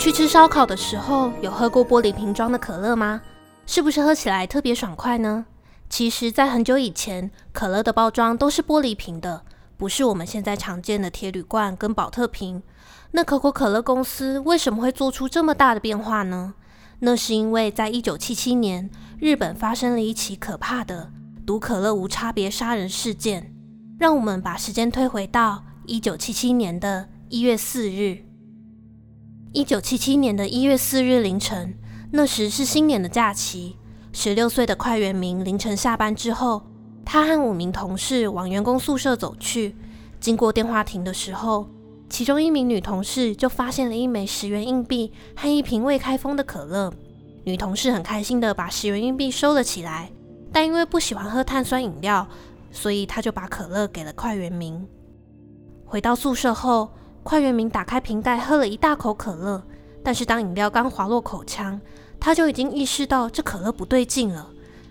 去吃燒烤的時候，有喝過玻璃瓶裝的可樂嗎？是不是喝起來特別爽快呢？其實，在很久以前，可樂的包裝都是玻璃瓶的，不是我們現在常見的鐵鋁罐跟寶特瓶。那可口可樂公司為什麼會做出這麼大的變化呢？那是因為在1977年，日本發生了一起可怕的毒可樂無差別殺人事件。讓我們把時間推回到1977年的一月四日。一九七七年的一月四日凌晨，那時是新年的假期。十六歲的快原明凌晨下班之後，他和五名同事往員工宿舍走去。經過電話亭的時候，其中一名女同事就發現了一枚十元硬幣和一瓶未開封的可樂。女同事很開心地把十元硬幣收了起來，但因為不喜歡喝碳酸飲料，所以她就把可樂給了快原明。回到宿舍後。快原明打開瓶蓋，喝了一大口可樂。但是當飲料剛滑落口腔，他就已經意識到這可樂不對勁了。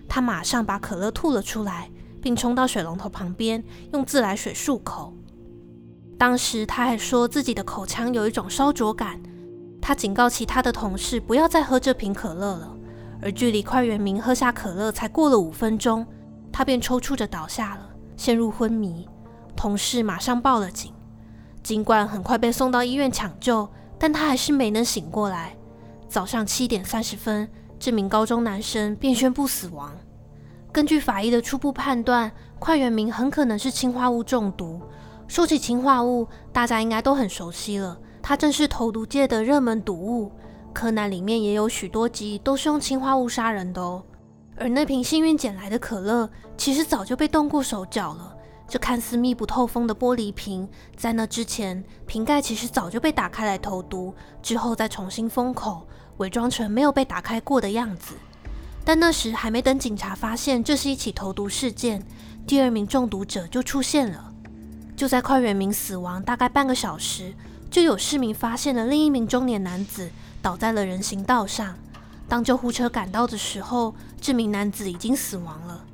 他馬上把可樂吐了出來，並衝到水龍頭旁邊用自來水漱口。當時他還說自己的口腔有一種燒灼感。他警告其他的同事不要再喝這瓶可樂了。而距離快原明喝下可樂才過了五分鐘，他便抽搐着倒下了，陷入昏迷。同事馬上報了警。儘管很快被送到醫院搶救，但他還是沒能醒過來。早上七點三十分，這名高中男生便宣布死亡。根據法醫的初步判斷，快原明很可能是氰化物中毒。說起氰化物，大家應該都很熟悉了，它正是投毒界的熱門毒物。《柯南》裡面也有許多集都是用氰化物殺人的哦。而那瓶幸運撿來的可樂，其實早就被動過手腳了。這看似密不透風的玻璃瓶，在那之前，瓶蓋其實早就被打開來投毒，之後再重新封口，偽裝成沒有被打開過的樣子。但那時還沒等警察發現這是一起投毒事件，第二名中毒者就出現了。就在快遠名死亡大概半個小時，就有市民發現了另一名中年男子倒在了人行道上。當救護車趕到的時候，這名男子已經死亡了。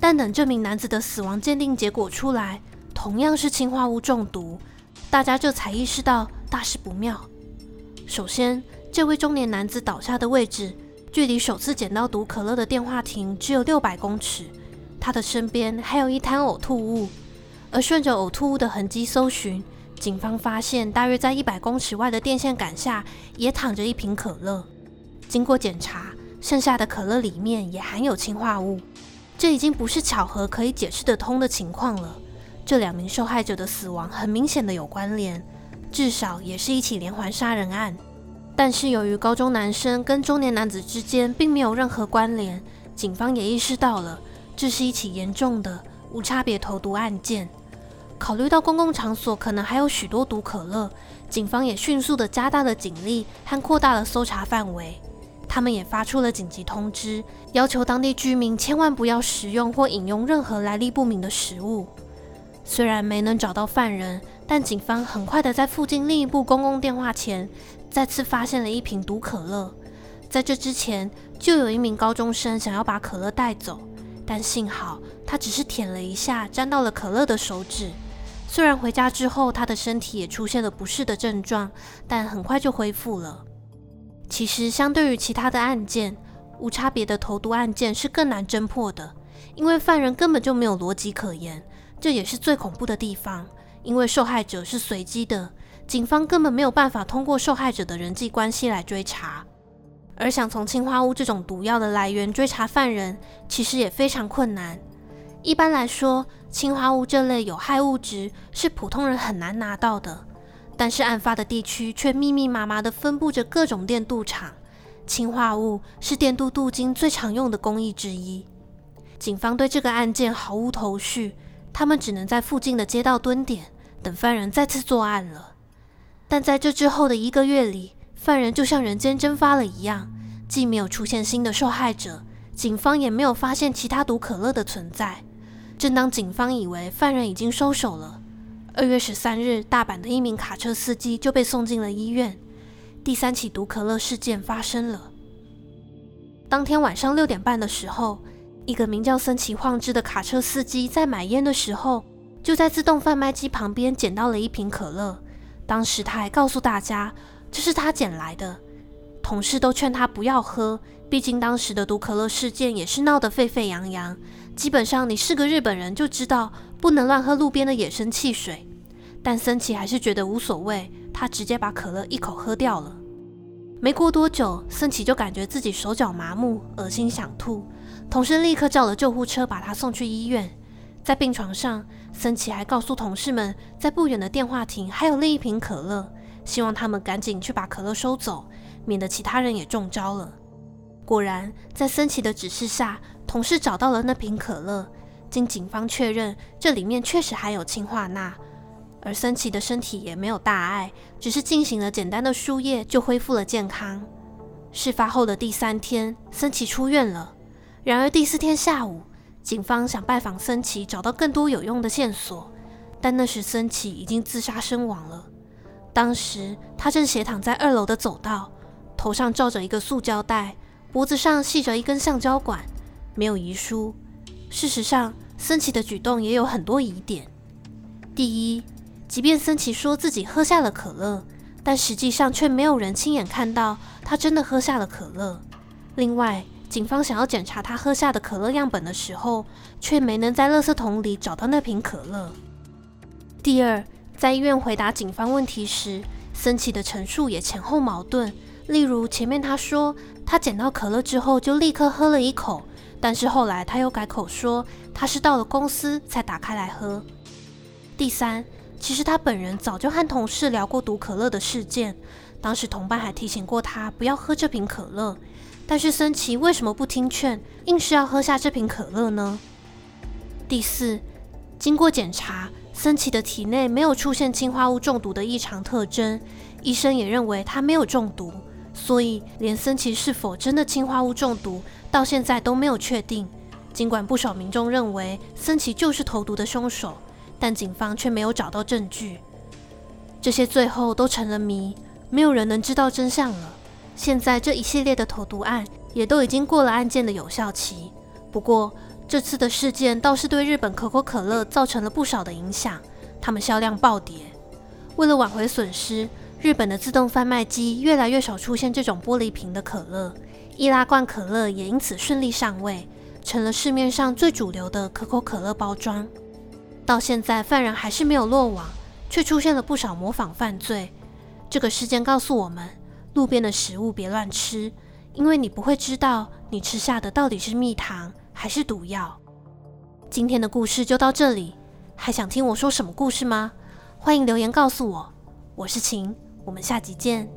但等這名男子的死亡鑑定結果出來，同樣是氰化物中毒，大家這才意識到大事不妙。首先，這位中年男子倒下的位置，距離首次撿到毒可樂的電話亭只有六百公尺，他的身邊還有一灘嘔吐物。而順着嘔吐物的痕迹搜尋，警方發現大約在一百公尺外的電線杆下，也躺着一瓶可樂。經過檢查，剩下的可樂裡面也含有氰化物。這已經不是巧合可以解釋得通的情況了。這兩名受害者的死亡很明顯的有關聯，至少也是一起連環殺人案。但是由於高中男生跟中年男子之間並沒有任何關聯，警方也意識到了這是一起嚴重的無差別投毒案件。考慮到公共場所可能還有許多毒可樂，警方也迅速的加大了警力和擴大了搜查範圍。他們也發出了緊急通知，要求當地居民千萬不要食用或飲用任何來歷不明的食物。雖然沒能找到犯人，但警方很快地在附近另一部公共電話前再次發現了一瓶毒可樂。在這之前，就有一名高中生想要把可樂帶走，但幸好他只是舔了一下沾到了可樂的手指。雖然回家之後他的身體也出現了不適的症狀，但很快就恢復了。其實，相對於其他的案件，無差別的投毒案件是更難偵破的，因為犯人根本就沒有邏輯可言，這也是最恐怖的地方。因為受害者是隨機的，警方根本沒有辦法通過受害者的人際關係來追查。而想從氰化物這種毒藥的來源追查犯人，其實也非常困難。一般來說，氰化物這類有害物質是普通人很難拿到的。但是案發的地區卻密密麻麻地分佈着各種電鍍廠，氰化物是電鍍鍍金最常用的工藝之一。警方對這個案件毫無頭緒，他們只能在附近的街道蹲點，等犯人再次作案了。但在這之後的一個月裡，犯人就像人間蒸發了一樣，既沒有出現新的受害者，警方也沒有發現其他毒可樂的存在。正當警方以為犯人已經收手了，二月十三日，大阪的一名卡車司機就被送進了醫院。第三起毒可樂事件發生了。當天晚上六點半的時候，一個名叫森崎晃之的卡車司機在買菸的時候，就在自動販賣機旁邊撿到了一瓶可樂。當時他還告訴大家這是他撿來的，同事都勸他不要喝，畢竟當時的毒可樂事件也是鬧得沸沸揚揚。基本上，你是個日本人就知道不能亂喝路邊的野生汽水。但森奇還是覺得無所謂，他直接把可樂一口喝掉了。沒過多久，森奇就感覺自己手腳麻木、噁心、想吐，同事立刻叫了救護車把他送去醫院。在病床上，森奇還告訴同事們，在不遠的電話亭還有另一瓶可樂，希望他們趕緊去把可樂收走，免得其他人也中招了。果然，在森奇的指示下，同事找到了那瓶可樂。經警方確認，這裡面確實含有氰化鈉。而森崎的身體也沒有大礙，只是進行了簡單的輸液就恢復了健康。事發後的第三天，森崎出院了。然而第四天下午，警方想拜訪森崎，找到更多有用的線索，但那時森崎已經自殺身亡了。當時他正斜躺在二樓的走道，頭上罩着一個塑膠袋，脖子上繫着一根橡膠管，沒有遺書。事實上，森崎的舉動也有很多疑點。第一，即便森崎說自己喝下了可樂，但實際上卻沒有人親眼看到他真的喝下了可樂。另外，警方想要檢查他喝下的可樂樣本的時候，卻沒能在垃圾桶裡找到那瓶可樂。第二，在醫院回答警方問題時，森崎的陳述也前後矛盾。例如，前面他說他撿到可樂之後就立刻喝了一口，但是後來他又改口說他是到了公司才打開來喝。第三。其實他本人早就和同事聊過毒可樂的事件，當時同伴還提醒過他不要喝這瓶可樂，但是森奇為什麼不聽勸，硬是要喝下這瓶可樂呢？第四，經過檢查，森奇的體內沒有出現氰化物中毒的異常特徵，醫生也認為他沒有中毒，所以連森奇是否真的氰化物中毒到現在都沒有確定。儘管不少民眾認為森奇就是投毒的兇手。但警方卻沒有找到證據，這些最後都成了謎，沒有人能知道真相了。現在這一系列的投毒案也都已經過了案件的有效期。不過這次的事件倒是對日本可口可樂造成了不少的影響，他們銷量暴跌。為了挽回損失，日本的自動販賣機越來越少出現這種玻璃瓶的可樂，易拉罐可樂也因此順利上位，成了市面上最主流的可口可樂包裝。到現在，犯人還是沒有落網，卻出現了不少模仿犯罪。這個事件告訴我們：路邊的食物別亂吃，因為你不會知道你吃下的到底是蜜糖還是毒藥。今天的故事就到這裡，還想聽我說什麼故事嗎？歡迎留言告訴我。我是晴，我們下集見。